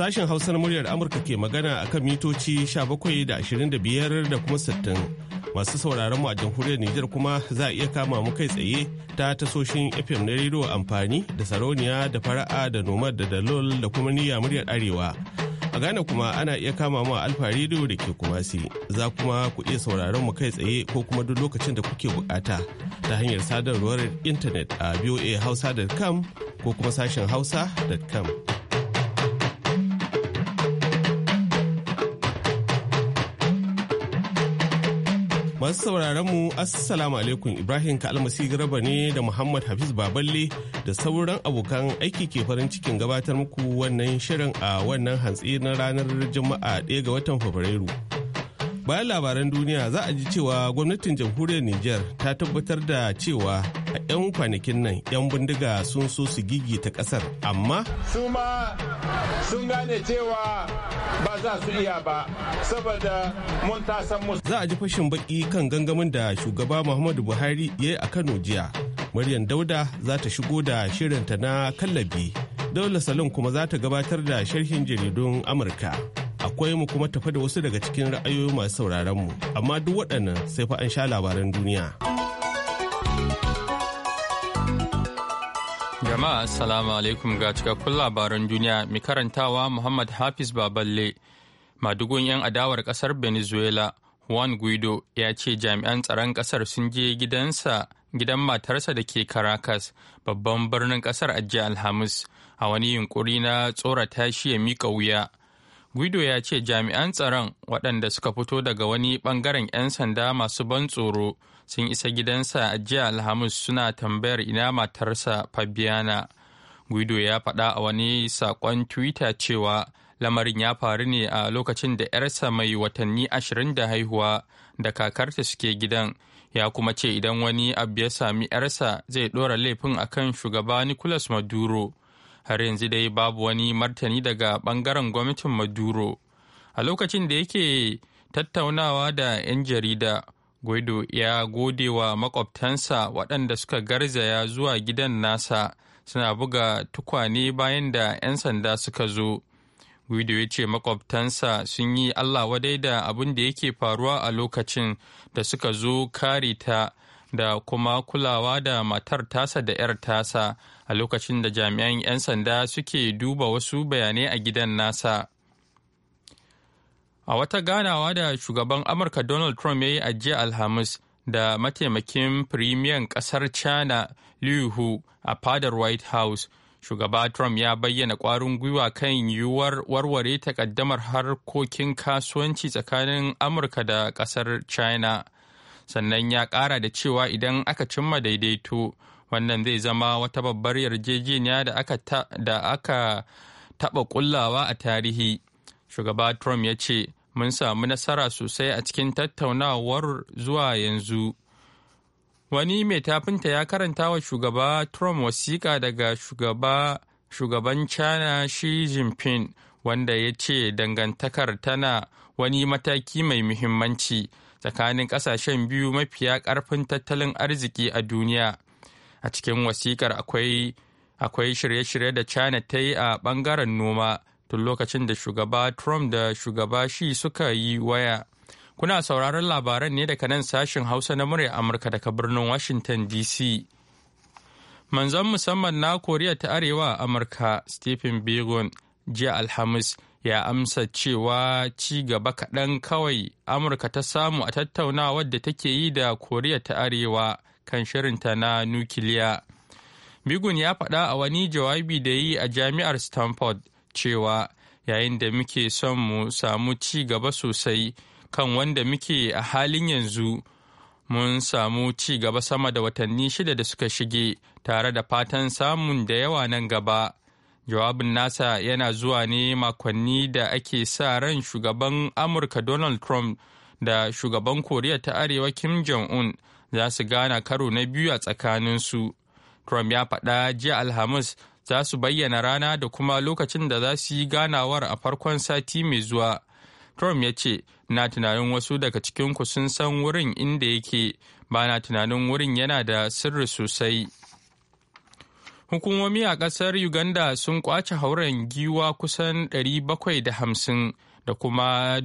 Sashen Hausar muryar Amurka ke magana a kan mitoci 17 da 25 da kuma 60. Masu sauraron mu a jamhuriyar Nijar kuma za a iya kama mu kai tsaye ta tasoshin FM na rediyo amfani da sarauniya da fara'a da nomad da dalol da kuma niyya muryar Arewa. A Ghana kuma ana iya kama mu a Alfa rediyo da ke Kumasi. Za kuma ku iya sauraron mu kai tsaye ko kuma duk lokacin da kuke bukata ta hanyar sadarwar intanet a voahausa.com ko kuma sashen hausa.com. Masu sauraron mu Assalamu alaikum Ibrahim Kalmasi Garba ne da Muhammad Hafiz Baballe da sauran abokan aiki ke farin cikin gabatar muku wannan shirin a wannan hantsi na ranar Juma'a 1 ga watan Fabrairu. bayan labaran duniya za a ji cewa gwamnatin jamhuriyar niger ta tabbatar da cewa a 'yan kwanakin nan 'yan bindiga sun so su gigi ta kasar amma su ma sun gane cewa ba za su iya ba saboda mun tasan musu za a ji fashin baki kan gangamin da shugaba muhammadu buhari ya yi a kano jiya Maryam Dauda za ta shigo da shirinta na kallabi. Daula Salon kuma za ta gabatar da sharhin jaridun Amurka. akwai mu kuma tafi da wasu daga cikin ra'ayoyi masu sauraron mu amma duk waɗannan sai fa an sha labaran duniya jama'a assalamu alaikum ga cikakkun labaran duniya mai karantawa muhammad hafiz baballe madugun 'yan adawar kasar venezuela juan guido ya ce jami'an tsaron kasar sun je gidansa gidan matarsa da ke caracas babban birnin kasar ajiya alhamis a wani yunkuri na tsorata shi ya mika wuya guido ya ce jami'an tsaron waɗanda suka fito daga wani ɓangaren 'yan sanda masu ban tsoro sun isa gidansa a jiya alhamis suna tambayar ina matarsa fabiana guido ya faɗa a wani saƙon twitter cewa lamarin ya faru ne a lokacin da 'yarsa mai watanni ashirin da haihuwa da kakarta suke gidan ya kuma ce idan wani abu ya sami 'yarsa zai ɗora laifin akan shugaba nicolas maduro har yanzu dai babu wani martani daga bangaren gwamnatin maduro a lokacin da yake tattaunawa da 'yan jarida guido ya gode wa makwabtansa waɗanda suka garzaya zuwa gidan nasa suna buga tukwane bayan da 'yan sanda suka zo guido ya ce makwabtansa sun yi allah wadai da abin da yake faruwa a lokacin da suka zo kare ta da kuma kulawa da matar tasa da 'yar tasa a lokacin da jami'an 'yan sanda suke duba wasu bayanai a gidan nasa. A wata ganawa da shugaban Amurka Donald Trump ya yi a jiya Alhamis da mataimakin firimiyan ƙasar China Liu Hu a fadar White House, shugaba Trump ya bayyana ƙwarin gwiwa kan yiwuwar warware takaddamar harkokin kasuwanci tsakanin Amurka da ƙasar China. sannan ya kara da cewa idan aka cimma daidaito wannan zai zama wata babbar yarjejeniya da aka taba ƙullawa a tarihi shugaba trump ya ce mun samu nasara sosai a cikin tattaunawar zuwa yanzu wani mai tafinta ya karanta wa shugaba trump wasiƙa daga shugaba shugaban china shi jinping wanda ya ce dangantakar tana wani mataki mai muhimmanci tsakanin ƙasashen biyu mafiya ƙarfin tattalin arziki a duniya a cikin wasikar akwai shirye-shirye da china ta yi a bangaren noma tun lokacin da shugaba trump da shugaba shi suka yi waya kuna sauraron labaran ne daga nan sashen hausa na murya amurka daga birnin washington dc manzon musamman na koriya ta arewa amurka stephen begon jiya alhamis ya amsa cewa ci gaba kaɗan kawai amurka ta samu a tattaunawar da take yi da koriya ta arewa kan shirinta na nukiliya bigun ya faɗa a wani jawabi da yi a jami'ar stanford cewa yayin da muke son mu samu ci gaba sosai kan wanda muke a halin yanzu mun samu ci gaba sama da watanni shida da suka shige tare da fatan samun da yawa nan gaba Jawabin nasa yana zuwa ne makonni da ake sa ran shugaban Amurka Donald Trump da shugaban Koriya ta Arewa Kim Jong-un za su gana karo na biyu a tsakaninsu. Trump ya faɗa jiya Alhamis za su bayyana rana da kuma lokacin da za su yi ganawar a farkon sati mai zuwa. Trump ya ce, Na tunanin wasu daga cikinku sun san wurin inda yake, ba na tunanin wurin yana da sirri sosai. Hukumomi a ƙasar Uganda sun kwace hauren giwa kusan 750 da kuma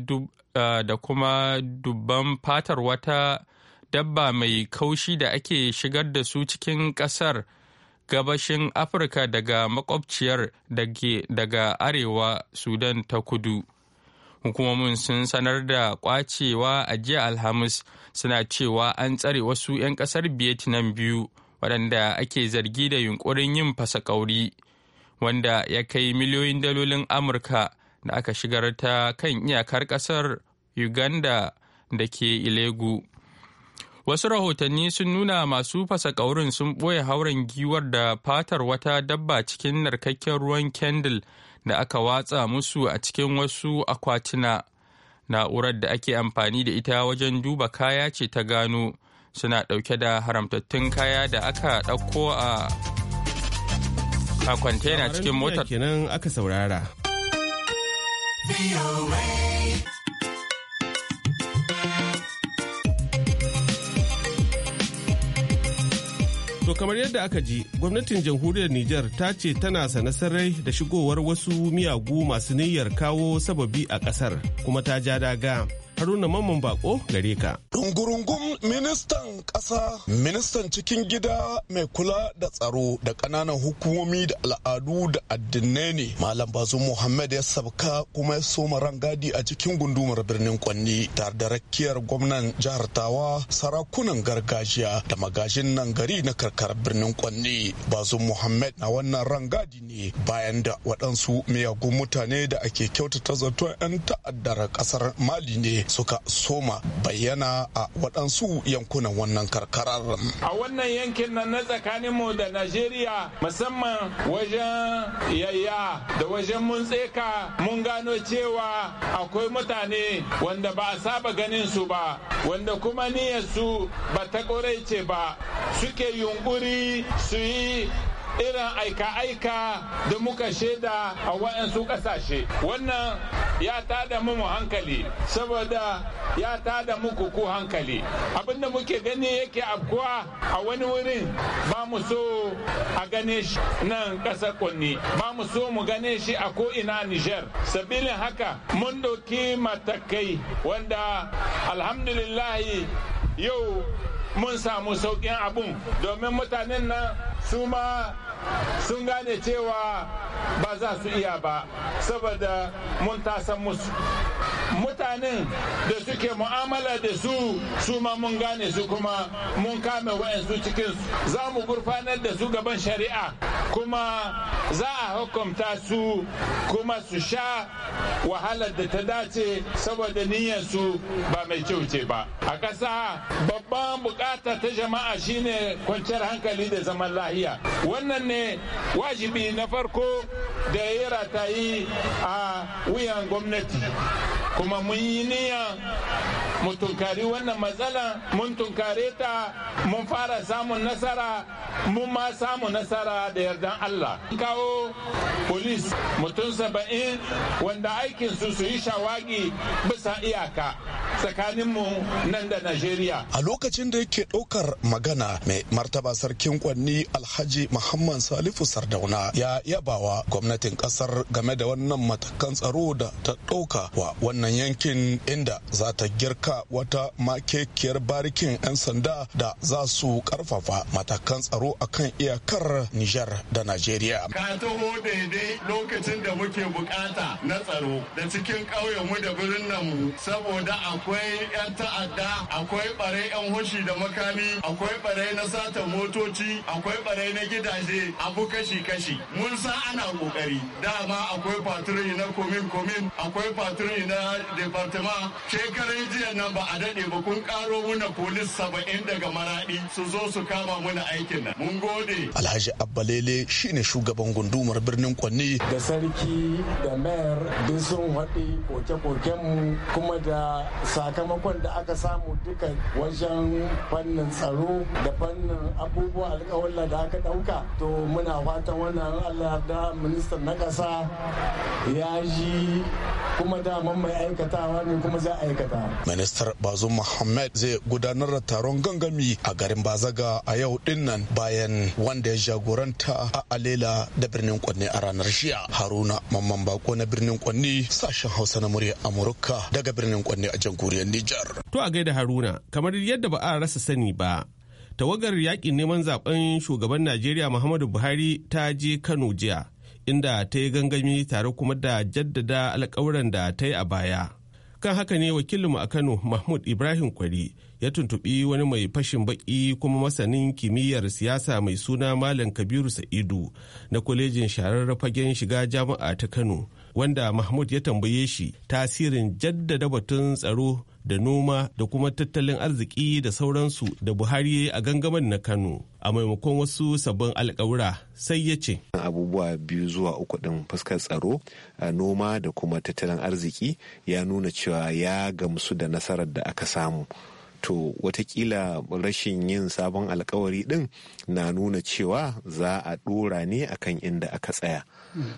da kuma dubban fatar wata dabba mai kaushi da ake shigar da su cikin ƙasar gabashin Afirka daga makwabciyar daga arewa Sudan ta kudu. hukumomin sun sanar da kwacewa a jiya alhamis suna cewa an tsare wasu 'yan kasar vietnam biyu waɗanda ake zargi da yunkurin yin fasa ƙauri wanda ya kai miliyoyin dalolin amurka da aka shigar ta kan iyakar ƙasar uganda da ke ilegu wasu rahotanni sun nuna masu fasa ƙaurin sun ɓoye hauren giwar da fatar wata dabba cikin narkakken ruwan kendil da aka watsa musu a cikin wasu akwatuna na'urar da ake amfani da ita wajen duba kaya ce ta gano suna ɗauke da haramtattun kaya da aka ɗauko a kwantena cikin motar. kenan aka saurara. To kamar yadda aka ji, gwamnatin jamhuriyar Nijar ta ce tana sane sarai da shigowar wasu miyagu masu niyyar kawo sababi a ƙasar kuma ta ja daga. Haruna Mamman Bako gare ka. Dungurungun ministan ƙasa, ministan cikin gida mai kula da tsaro da ƙananan hukumomi da al'adu da addinai ne. Malam Bazu Muhammad ya sabka kuma ya soma rangadi a cikin gundumar birnin Kwanni tare da rakiyar gwamnan jihar Tawa sarakunan gargajiya da magajin nan gari na karkarar birnin Kwanni. Bazu Muhammad na wannan rangadi ne bayan da waɗansu miyagun mutane da ake kyautata zaton 'yan ta'addar ƙasar Mali ne suka soma bayyana a waɗansu yankunan wannan karkarar. A wannan yankin nan na tsakaninmu da Najeriya musamman wajen yayya da wajen mun tseka mun gano cewa akwai mutane wanda ba a saba ganin su ba wanda kuma niyyar su ba ta ce ba suke yunƙuri su yi irin aika-aika da muka shaida a waɗansu ƙasashe wannan ya tada mu hankali saboda ya tada muku ku hankali abinda muke gani yake abuwa a wani wurin ba mu so a gane shi nan ƙasar kunni ba mu so mu gane shi a ko'ina nijar sabilin haka mun ɗauki matakai wanda alhamdulillahi yau mun samu sauƙin abun domin mutanen nan su ma sun gane cewa ba za su iya ba saboda mun tasan musu mutanen da suke mu'amala da su su ma mun gane su kuma mun kame wa'yansu cikin za mu gurfanar da su gaban shari'a kuma za a hukumta su kuma su sha wahalar da ta dace saboda niyyar su ba mai kyau ba a ƙasa babban bukata ta jama'a shine kwanciyar hankali da zaman lahiya wannan ne wajibi na farko da ya yi ratayi a wuyan gwamnati kuma mun yi niyya mu tunkari wannan matsala mun tunkare ta mun fara samun nasara mun ma samu nasara da yardan Allah kawo polis mutum saba'in wanda aikinsu su yi shawagi bisa iyaka tsakaninmu nan da Najeriya. A lokacin da yake ɗaukar magana mai martaba sarkin kwanni Alhaji Muhammad Salifu Sardauna ya yabawa gwamnatin ƙasar game da wannan matakan tsaro da ta ɗauka wa wannan yankin inda za ta girka wata makekiyar barikin 'yan sanda da za su ƙarfafa matakan tsaro a kan iyakar Nijar da Najeriya. Ka taho daidai lokacin da muke bukata na tsaro da cikin ƙauyenmu da birnin saboda akwai 'yan ta'adda akwai bare 'yan hushi da makami akwai bare na sata motoci akwai bare na gidaje abu kashi-kashi mun sa ana kokari dama akwai faturi na komin-komin akwai faturi na departement shekarun jiya nan ba a daɗe ba kun karo muna polis saba'in daga maradi su zo su kama muna aikin nan mun gode alhaji abbalele shine shugaban gundumar birnin kwanni da sarki da mayar duk sun haɗe koke-koken kuma da sakamakon da aka samu duka wajen fannin tsaro da fannin abubuwa alkawalla da aka ɗauka to muna fatan wannan allah da ministan na ƙasa ya ji kuma daman mai aikatawa ne kuma za aikata. Ministar Bazu Muhammad zai gudanar da taron gangami a garin Bazaga a yau dinnan bayan wanda ya jagoranta a Alela da birnin Kwanne a ranar jiya. Haruna Mamman Bako na birnin Kwanne sashen Hausa na murya Amurka daga birnin Kwanne a jamhuriyar jamhuriyar Nijar. To a gaida Haruna, kamar yadda ba a rasa sani ba, tawagar yakin neman zaben shugaban Najeriya Muhammadu Buhari ta je Kano jiya, inda ta yi gangami tare kuma da jaddada alkawuran da ta yi a baya. Kan haka ne wakilinmu a Kano Mahmud Ibrahim Kwari ya tuntuɓi wani mai fashin baƙi kuma masanin kimiyyar siyasa mai suna Malam Kabiru Sa'idu na kwalejin sharar fagen shiga jami'a ta Kano. wanda mahmud ya tambaye shi tasirin jaddada batun tsaro da noma da kuma tattalin arziki da sauransu da buhari a gangamin na kano a maimakon wasu sabbin alkawura sai ya ce abubuwa biyu zuwa uku din fuskar tsaro a noma da kuma tattalin arziki ya nuna cewa ya gamsu da nasarar da aka samu to watakila rashin yin sabon alkawari din na nuna cewa za a ɗora ne akan inda aka tsaya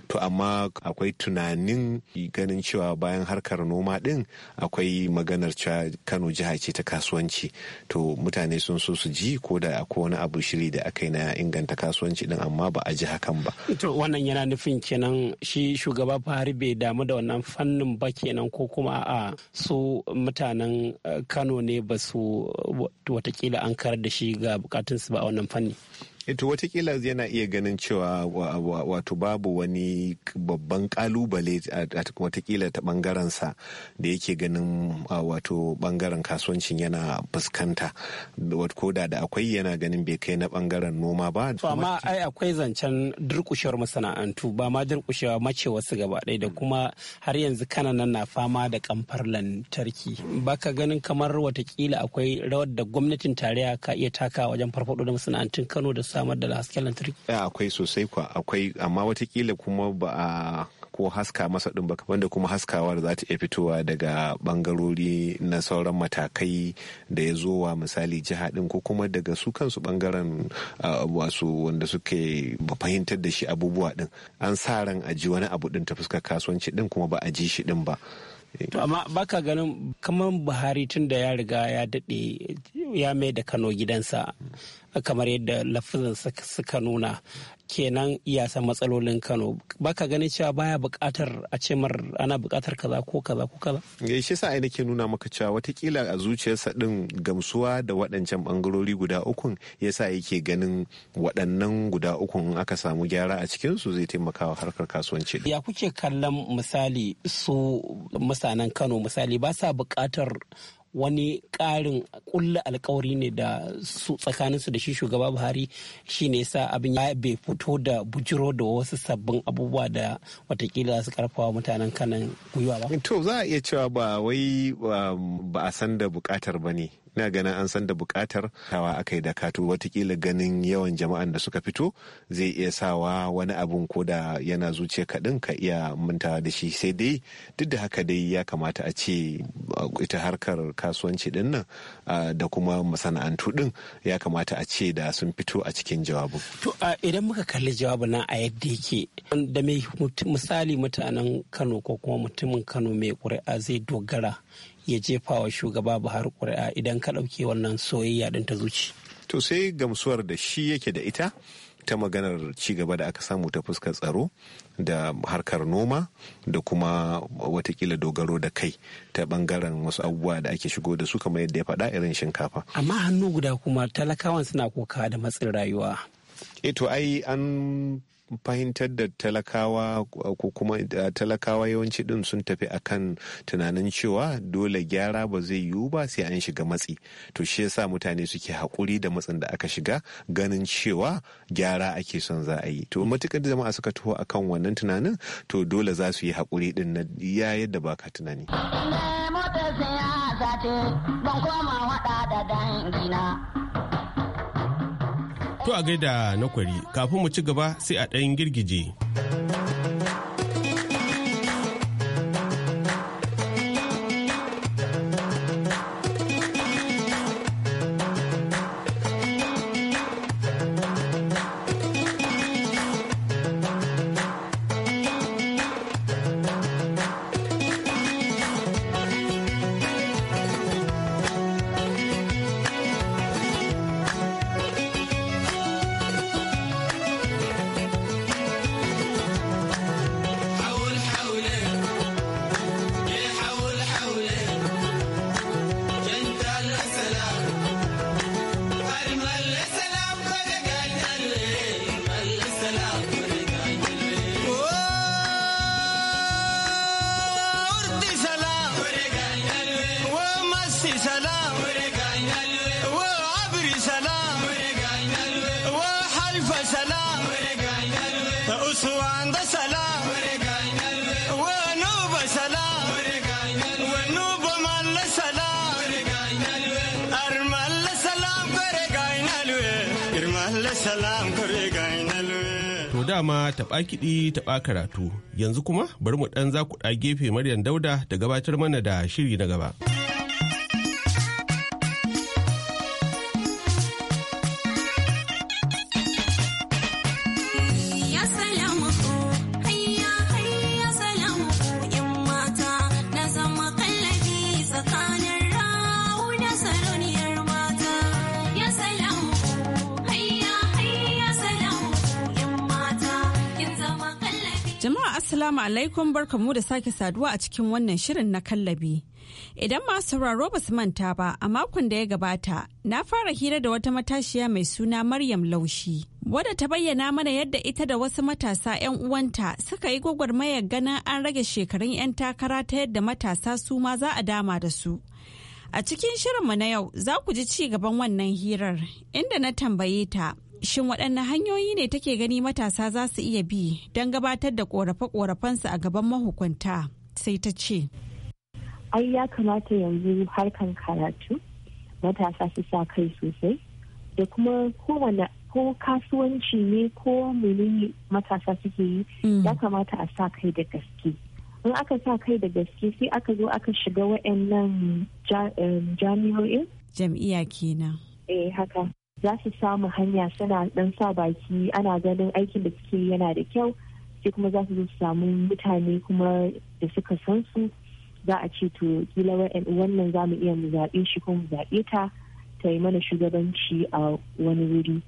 to amma akwai tunanin ganin cewa bayan harkar noma din akwai maganar cewa kano jiha ce ta kasuwanci to mutane sun so su ji ko da akwai wani abu shiri da aka yi na inganta kasuwanci din amma ba a ji hakan ba to wannan yana nufin kenan shi shugaba fahari bai damu da wannan fannin ba kenan ko kuma a su mutanen eh, kano ne ba su watakila an karar da shi ga bukatunsu ba a wannan fanni Eh, to watakila yana iya ganin cewa wato babu wani babban kalubale watakila ta bangarensa da yake ganin wato bangaren kasuwancin yana fuskanta ko da da akwai yana ganin bai kai na bangaren noma ba amma ai akwai zancen durkushewar masana'antu ba ma durkushewa mace wasu gaba ɗaya da kuma har yanzu kananan na fama da kamfar lantarki baka ganin kamar watakila akwai rawar da gwamnatin tarayya ka iya taka wajen farfaɗo da masana'antun Kano da samar da hasken lantarki eh, akwai sosai kwa akwai amma watakila kuma ba a ko haska masa ɗin ba wanda kuma haskawar za ta iya fitowa daga bangarori na sauran matakai da ya zo wa misali jiha ɗin ko kuma daga su kansu bangaren wasu wanda suke fahimtar da shi abubuwa ɗin an sa ran a ji wani abu ɗin ta fuskar kasuwanci ɗin kuma ba a ji shi ɗin ba To amma baka ganin kamar Buhari tun da ya riga ya daɗe ya mai da Kano gidansa kamar yadda lafizan suka nuna kenan iya matsalolin kano baka ganin cewa baya buƙatar a ce mar ana buƙatar kaza ko kaza ko kaza ya sa ai nake nuna maka cewa watakila a zuciyarsa din gamsuwa da waɗancan bangarori guda ukun yasa yake ganin waɗannan guda ukun aka samu gyara a cikin su zai taimaka wa harkar kasuwanci ya kuke kallon misali su masanan kano misali ba sa buƙatar wani ƙarin ƙulla alkawari ne da su tsakaninsu da shi shugaba buhari shi ne sa abin ya bai fito da bujiro da wasu sabbin abubuwa da watakila su karfawa mutanen kanan gwiwa ba to za a iya cewa ba wai um, ba a san da bukatar ba ne ina ganin an san da bukatar tawa aka yi dakatu watakila ganin yawan jama'an da suka fito zai iya sawa wani abun ko da yana zuciya kaɗin ka iya manta da shi sai dai duk da haka dai ya kamata a ce ita harkar kasuwanci din nan da kuma masana'antu din ya kamata a ce da sun fito a cikin jawabin. To idan muka kalli jawabin na a yadda yake da mai misali mutanen Kano ko kuma mutumin Kano mai ƙuri'a zai dogara ya jefa wa shugaba buhari ƙuri'a idan ka ɗauke wannan soyayya ɗin ta zuci to sai gamsuwar da shi yake da ita ta maganar cigaba da aka samu ta fuskar tsaro da harkar noma da kuma watakila dogaro da kai ta bangaren wasu abubuwa da ake shigo da su kamar yadda ya faɗa irin shinkafa amma hannu guda kuma talakawan suna kuka da matsin rayuwa eto eh ai an fahimtar da talakawa ko kuma talakawa yawanci din sun tafi akan tunanin cewa dole gyara ba zai yiwu ba sai an shiga matsi to shi yasa mutane suke haƙuri da matsin da aka shiga ganin cewa gyara ake son za a yi to matukar jama'a suka taho akan wannan tunanin to dole za su yi haƙuri din na ya yadda ba ka tunani don koma da dangina To a gaida na kwari kafin mu ci gaba sai a ɗayan girgije. dama taɓa kiɗi taɓa karatu yanzu kuma bari mu ɗan za ku ɗa gefe Maryam Dauda da gabatar mana da shiri na gaba. Assalamu alaikum barkamu da sake saduwa a cikin wannan shirin na kallabi. Idan masu sauraro ba su manta ba a makon da ya gabata na fara hira da wata matashiya mai suna Maryam Laushi. Wadda ta bayyana mana yadda ita da wasu matasa 'yan uwanta suka yi gwagwarmayar ganin an rage shekarun 'yan takara ta yadda matasa su ma za a dama da su. A cikin shirinmu na yau za ku ji ci gaban wannan hirar inda na tambaye ta Shin waɗanne hanyoyi ne take gani matasa za su iya bi don gabatar da ƙorafe-ƙorafensu a gaban mahukunta sai ta ce. Ai ya kamata yanzu harkan karatu matasa su sa kai sosai da kuma kowane ko kasuwanci ne ko menene matasa suke yi mm. ya kamata a sa kai da gaske. In aka sa kai da gaske sai aka zo aka shiga waɗannan eh, jami'o'in. Jam'iyya kenan. Eh haka. za su samu hanya suna dan sa baki ana ganin aikin da suke yana da kyau sai kuma za su zo su samu mutane kuma da suka san su za a ce to kila wannan za mu iya mu zaɓe shi ko mu zaɓe ta ta yi mana shugabanci a wani wuri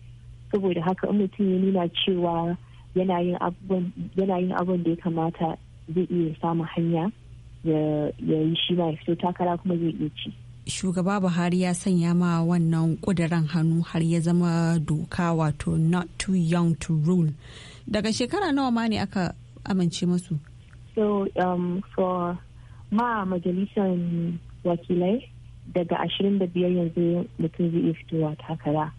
saboda haka in mutum ya nuna cewa yana yin abin da ya kamata zai iya samun hanya ya yi shi ma ya fito takara kuma zai iya ci. shugaba buhari ya sanya ma wannan kudirin hannu har ya zama doka wato not too young to rule daga shekara nawa ma ne aka amince masu so um, for ma majalisar wakilai daga 25 yanzu mutum zai iya fitowa takara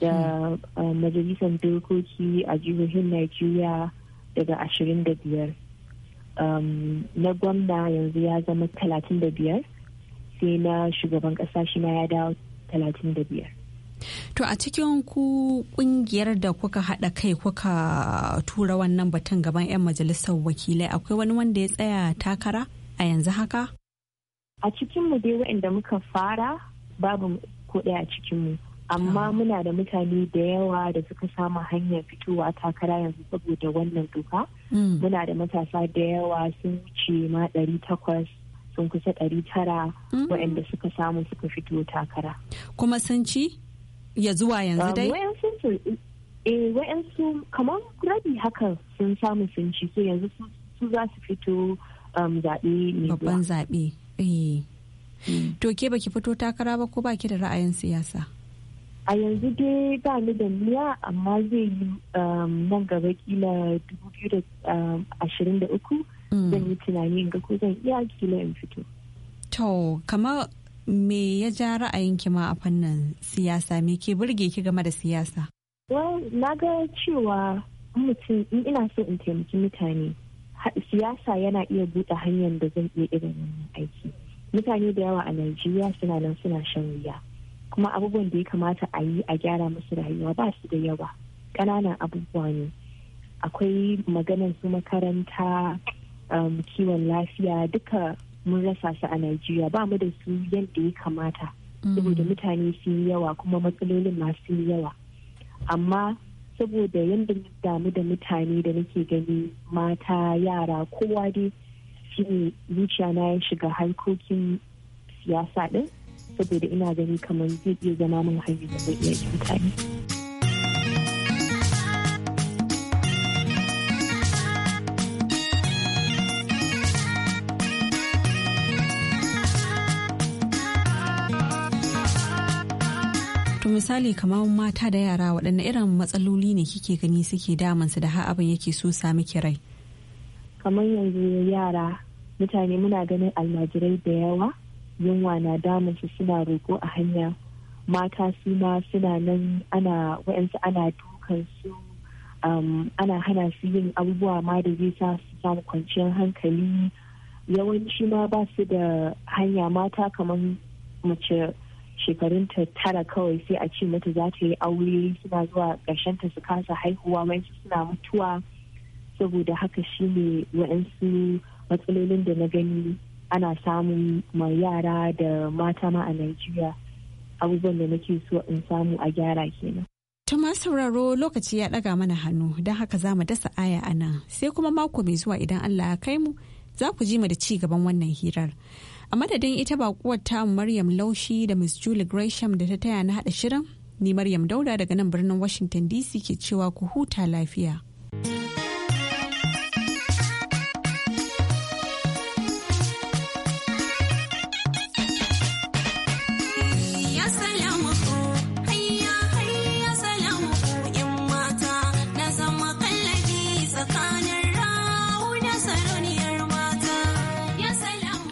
da mhm. uh, majalisar dokoki a jihohin nigeria daga 25 um, na gwamna yanzu ya zama 35 sai na shugaban ƙasa shi ma ya dawo talatin da biyar To a cikin ku kungiyar da kuka haɗa kai kuka tura wannan batun gaban 'yan majalisar wakilai akwai wani wanda ya tsaya takara a yanzu haka? A cikinmu dai waɗanda muka fara babu ko ɗaya a cikinmu. Amma ah. muna da mutane da yawa da suka samu hanyar fitowa takara yanzu saboda wannan doka. Mm. Muna da matasa da yawa sun wuce ma ɗari takwas sun kusa ɗari tara hmm. waɗanda suka samu suka fito takara. Kuma sun ci ya zuwa yanzu um, dai? Wa'yansu eh, kamar rabi haka sun samu sun ci so yanzu su za su fito um, zaɓe ne. Babban zaɓe. Eh. Hmm. To ke baki fito takara ba ko baki da ra'ayin siyasa? A yanzu dai ba ni da niyya amma zai yi um, nan gaba kila 2023 Mm. zan yi tunani ga ko zan iya kila in fito to kamar me ya ja ra'ayin ma a fannin siyasa me ke burge ki game da siyasa well na ga cewa mutum in ina so in taimaki mutane siyasa yana iya buɗe hanyar da zan iya irin wannan aiki mutane da yawa a najeriya suna nan suna shan wuya kuma abubuwan da ya kamata a yi a gyara musu rayuwa ba su da yawa ƙananan abubuwa ne akwai maganar su makaranta Um, kiwon lafiya duka mun rasa su a Najeriya ba mu da su yadda ya kamata mm. saboda mutane su yi yawa kuma matsalolin masu yawa amma saboda yadda damu da mutane da nake gani mata yara kowa dai shine zuciya na ya shiga harkokin siyasa din saboda ina gani kamar zai iya zama mun hanyar da zai iya mutane. misali kamar mata da yara waɗanne irin matsaloli ne kike gani suke damansu da har abin yake so sami kirai kamar yanzu yara mutane muna ganin almajirai da yawa yunwa na su suna roƙo a hanya mata su ma suna nan ana wa'yansu ana dukan su um, ana hana su yin abubuwa ma da zai sa su samu kwanciyar hankali yawanci ma ba su da hanya mata kamar mace shekarun ta tara kawai sai a ce mata za ta yi aure suna zuwa ƙarshen su kasa haihuwa wayansu suna mutuwa saboda haka shi ne waɗansu matsalolin da na gani ana samun ma yara da mata ma a Najeriya abubuwan da nake so in samu a gyara kenan. Ta sauraro lokaci ya ɗaga mana hannu don haka za mu dasa aya a nan sai kuma mako mai zuwa idan Allah ya kai mu za ku ji mu da ci gaban wannan hirar. a madadin ita bakuwar ta maryam laushi da miss julie gresham da ta taya na hada shirin ni maryam dauda daga nan birnin washington dc ke cewa ku huta lafiya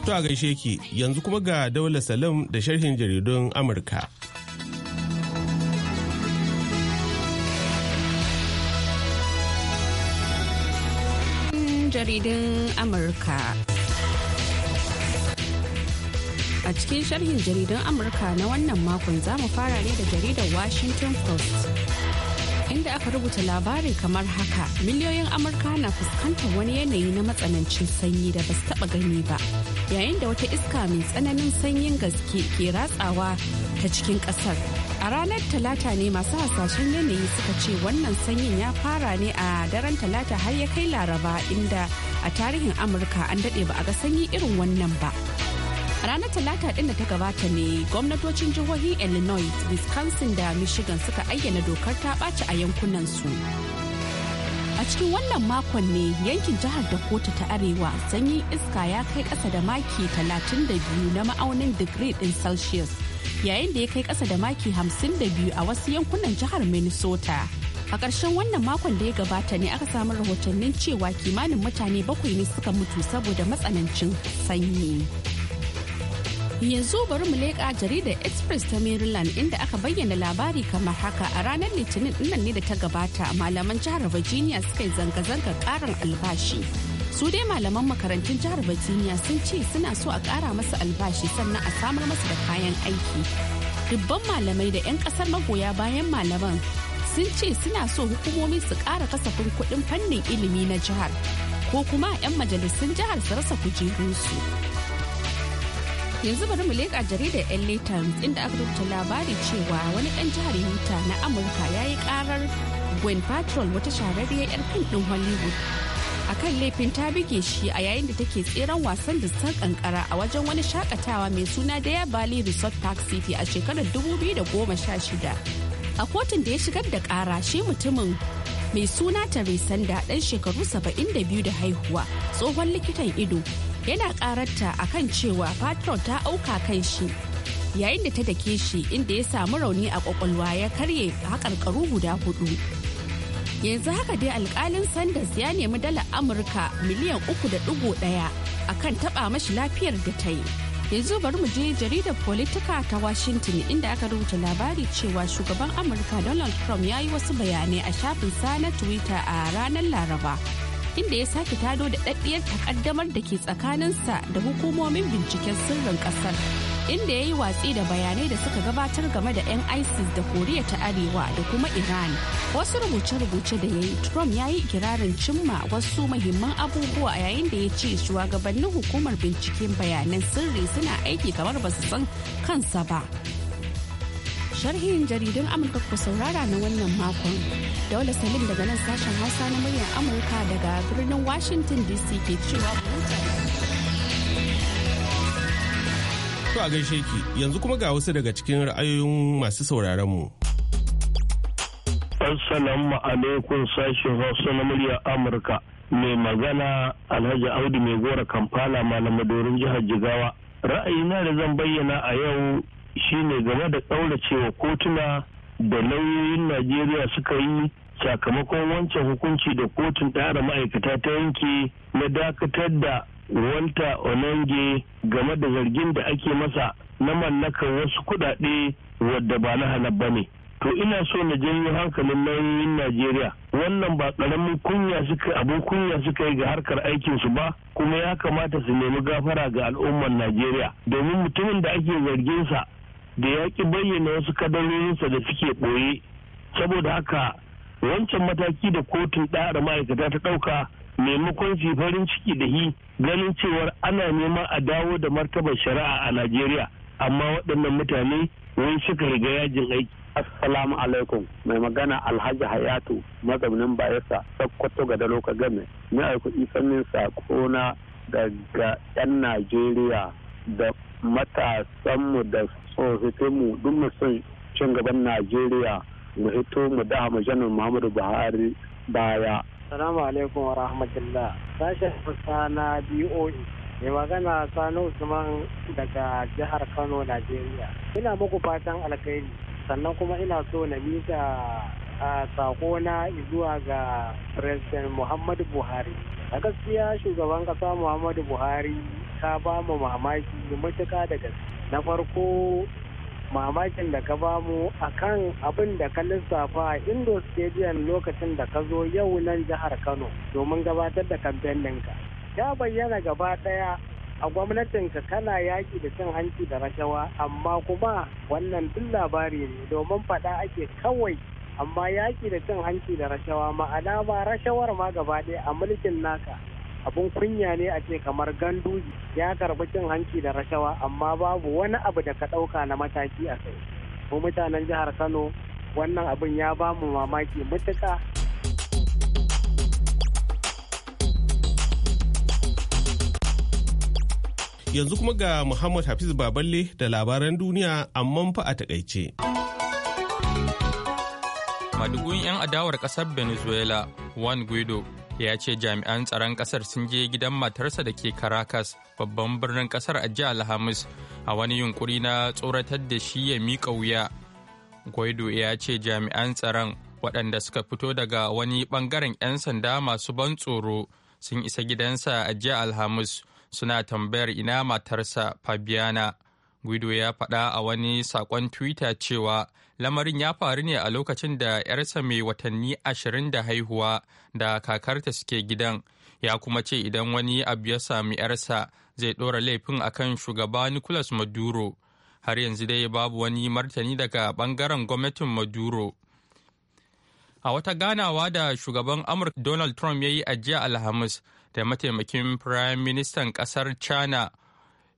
To a gaishe ki yanzu kuma ga Daula Salim da sharhin jaridun Amurka. Jaridun Amurka. A cikin sharhin jaridun Amurka na wannan makon za mu fara ne da jaridar Washington Post. inda aka rubuta labarin kamar haka miliyoyin amurka na fuskantar wani yanayi na matsanancin sanyi da basu taɓa taba gani ba yayin da wata iska mai tsananin sanyin gaske ke ratsawa ta cikin kasar a ranar talata ne masu hasashen yanayi suka ce wannan sanyin ya fara ne a daren talata har ya kai laraba inda a tarihin amurka an daɗe ba a ga sanyi irin wannan ba ranar Talata ɗin da ta gabata ne gwamnatocin jihohi Illinois, Wisconsin da Michigan suka ayyana dokar ta ɓaci a yankunansu. A cikin wannan makon ne yankin jihar Dakota ta Arewa sanyin iska ya kai ƙasa da maki 32 na ma'aunin digiri ɗin Celsius yayin da ya kai ƙasa da maki 52 a wasu yankunan jihar Minnesota. a ƙarshen wannan makon da ya gabata ne aka samu rahotannin cewa kimanin mutane bakwai ne suka mutu saboda matsanancin sanyi. yanzu bari mu leƙa jaridar express ta maryland inda aka bayyana labari kamar haka a ranar litinin dinnan ne da ta gabata malaman jihar virginia suka yi zanga-zangar ƙarin albashi su dai malaman makarantun jihar virginia sun ce suna so a ƙara masa albashi sannan a samar masa da kayan aiki dubban malamai da 'yan ƙasar magoya bayan malaman sun ce suna so hukumomi su ƙara kasafin kuɗin fannin ilimi na jihar ko kuma 'yan majalisun jihar su rasa kujerunsu yanzu bari mu leƙa jaridar LA Times inda aka rubuta labari cewa wani ɗan jihar Utah na Amurka ya yi karar Gwen Patrol wata shahararriyar 'yar kan ɗin Hollywood akan laifin ta bige shi a yayin da take tseren wasan dusar kankara a wajen wani shakatawa mai suna Daya bali Resort Park City a shekarar 2016. A kotun da ya shigar da kara shi mutumin mai suna Teresa da ɗan shekaru 72 da haihuwa tsohon likitan ido yana karatta kan cewa patron ta auka kan shi yayin da ta dake shi inda ya samu rauni a kwakwalwa ya karye haƙarƙaru guda hudu yanzu haka dai alkalin sanders ya nemi dalar amurka miliyan uku da dugu daya a kan taba mashi lafiyar da ta yi yanzu bari mu je jaridar politika ta washington inda aka rubuta labari cewa shugaban amurka donald trump ya yi wasu bayanai a shafin sa na twitter a ranar laraba inda ya sake tado da ɗaɗɗiyar takaddamar da ke tsakaninsa da hukumomin binciken sirrin ƙasar inda ya yi watsi da bayanai da suka gabatar game da 'yan isis da koriya ta arewa da kuma iran wasu rubuce-rubuce da ya yi trump ya yi ikirarin cimma wasu mahimman abubuwa yayin da ya ce shugabannin hukumar binciken bayanan sirri suna aiki kamar ba su san kansa ba sharhin jaridun amurka ku saurara na wannan makon dole salim daga nan sashen hausa na muryar amurka daga birnin washington dc ke cewa To a gaishe ki yanzu kuma ga wasu daga cikin ra'ayoyin masu sauraron mu. Assalamu alaikum sashen Hausa na muryar Amurka. Mai magana Alhaji Audu mai gora Kampala malamadorin jihar Jigawa. Ra'ayina da zan bayyana a yau shine game da ƙauracewa kotuna da lauyoyin najeriya suka yi sakamakon wancan hukunci da kotun ɗara ma'aikata ta yanke na dakatar da wanta onange game da zargin da ake masa na mallakar wasu kuɗaɗe wadda ba na halar ba ne to ina so na janyo hankalin lauyoyin najeriya wannan ba ƙaramin kunya suka abin kunya suka yi ga harkar aikin su ba kuma ya kamata su nemi gafara ga al'ummar najeriya domin mutumin da ake zargin sa da ya ki bayyana wasu kadarorinsa da suke ɓoye saboda haka wancan mataki da kotun ɗara ma'aikata ta ɗauka maimakon su farin ciki da hi ganin cewar ana neman a dawo da martabar shari'a a najeriya amma waɗannan mutane wani suka riga yajin aiki assalamu alaikum mai magana alhaji hayatu mazaunin bayelsa sakkwato ga daloka game ni aiko isannin sako daga yan najeriya da matasanmu da tsofaffinmu duk mu son cin gaban najeriya mu hito mu da mu janar muhammadu buhari baya salamu alaikum wa rahmatullah sashen fusa na boe mai magana sani usman daga jihar kano najeriya ina muku fatan alkhairi sannan kuma ina so na mika a sako na zuwa ga president muhammadu buhari a gaskiya shugaban ƙasa muhammadu buhari Ka ba mu mamaki matuka da gaske na farko mamakin da ka ba mu a kan abin da ka lissafa a indo stadium lokacin da ka zo yau nan jihar kano domin gabatar da kamfen ɗinka ya bayyana gaba ɗaya a gwamnatinka kana yaƙi da cin hanci da rashawa amma kuma wannan duk labari ne domin faɗa ake kawai amma yaƙi da cin hanci da rashawa ma'ana ba rashawar ma gaba ɗaya a mulkin naka abun kunya ne a ce kamar gandu ya karɓi cin hanci da rashawa amma babu wani abu da ka ɗauka na mataki a kai ko mutanen jihar kano wannan abun ya ba mu mamaki matuka. yanzu kuma ga muhammad hafiz baballe da labaran duniya amma fa a takaice madugun 'yan adawar kasar venezuela juan guido ya ce jami'an tsaron kasar sun je gidan matarsa da ke caracas babban birnin kasar a jihar alhamis a wani yunkuri na tsoratar da shi ya mika wuya guaido ya ce jami'an tsaron waɗanda suka fito daga wani ɓangaren 'yan sanda masu ban tsoro sun isa gidansa a jiya alhamis suna tambayar ina matarsa fabiana guido ya faɗa a wani saƙon twitter cewa lamarin ya faru ne a lokacin da 'yarsa mai watanni ashirin da haihuwa da kakarta suke gidan ya kuma ce idan wani abu ya sami 'yarsa zai ɗora laifin a kan shugaba nicolas maduro har yanzu dai babu wani martani daga ɓangaren gwamnatin maduro a wata ganawa da shugaban amurka donald trump ya yi ajiya alhamis da mataimakin firayim ministan ƙasar china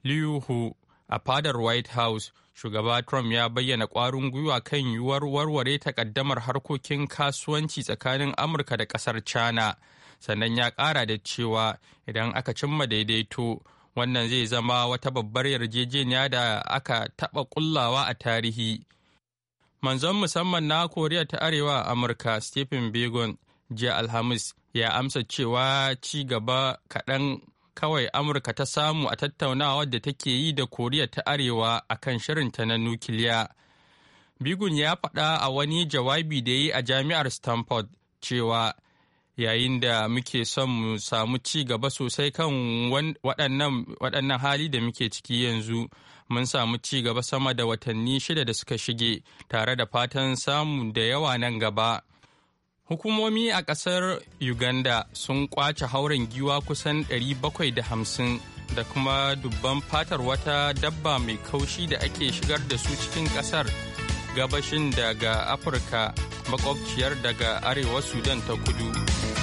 liu hu a fadar white house shugaba trump ya bayyana kwarin gwiwa kan yiwuwar warware takaddamar harkokin kasuwanci tsakanin amurka da ƙasar china sannan ya kara da cewa idan aka cimma daidaito wannan zai zama wata babbar yarjejeniya da aka taɓa kullawa a tarihi manzon musamman na koriya ta arewa a amurka stephen begon jiya alhamis ya amsa cewa ci gaba kaɗan kawai Amurka ta samu a tattaunawa da take yi da Koriya ta Arewa a kan shirinta na nukiliya. Bigun ya faɗa a wani jawabi da yi a jami'ar Stanford cewa yayin da muke son mu samu ci gaba sosai kan waɗannan hali da muke ciki yanzu mun samu ci gaba sama da watanni shida da suka shige tare da fatan samu da yawa nan gaba. Hukumomi a ƙasar Uganda sun kwace hauren giwa kusan 750 da kuma dubban fatar wata dabba mai kaushi da ake shigar da su cikin ƙasar gabashin daga Afirka makwabciyar daga arewa Sudan ta kudu.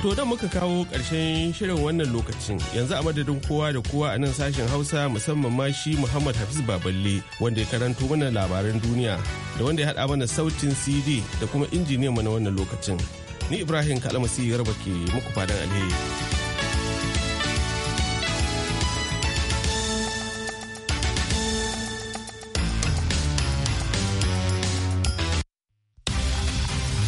To da muka kawo ƙarshen shirin wannan lokacin yanzu a madadin kowa da kowa a nan sashen Hausa musamman ma shi Muhammad Hafiz Baballe wanda ya karanto mana labaran duniya da wanda ya haɗa mana sautin CD da kuma injiniyan mana wannan lokacin. Ni Ibrahim kalamasi Garba ke muku fadan alheri.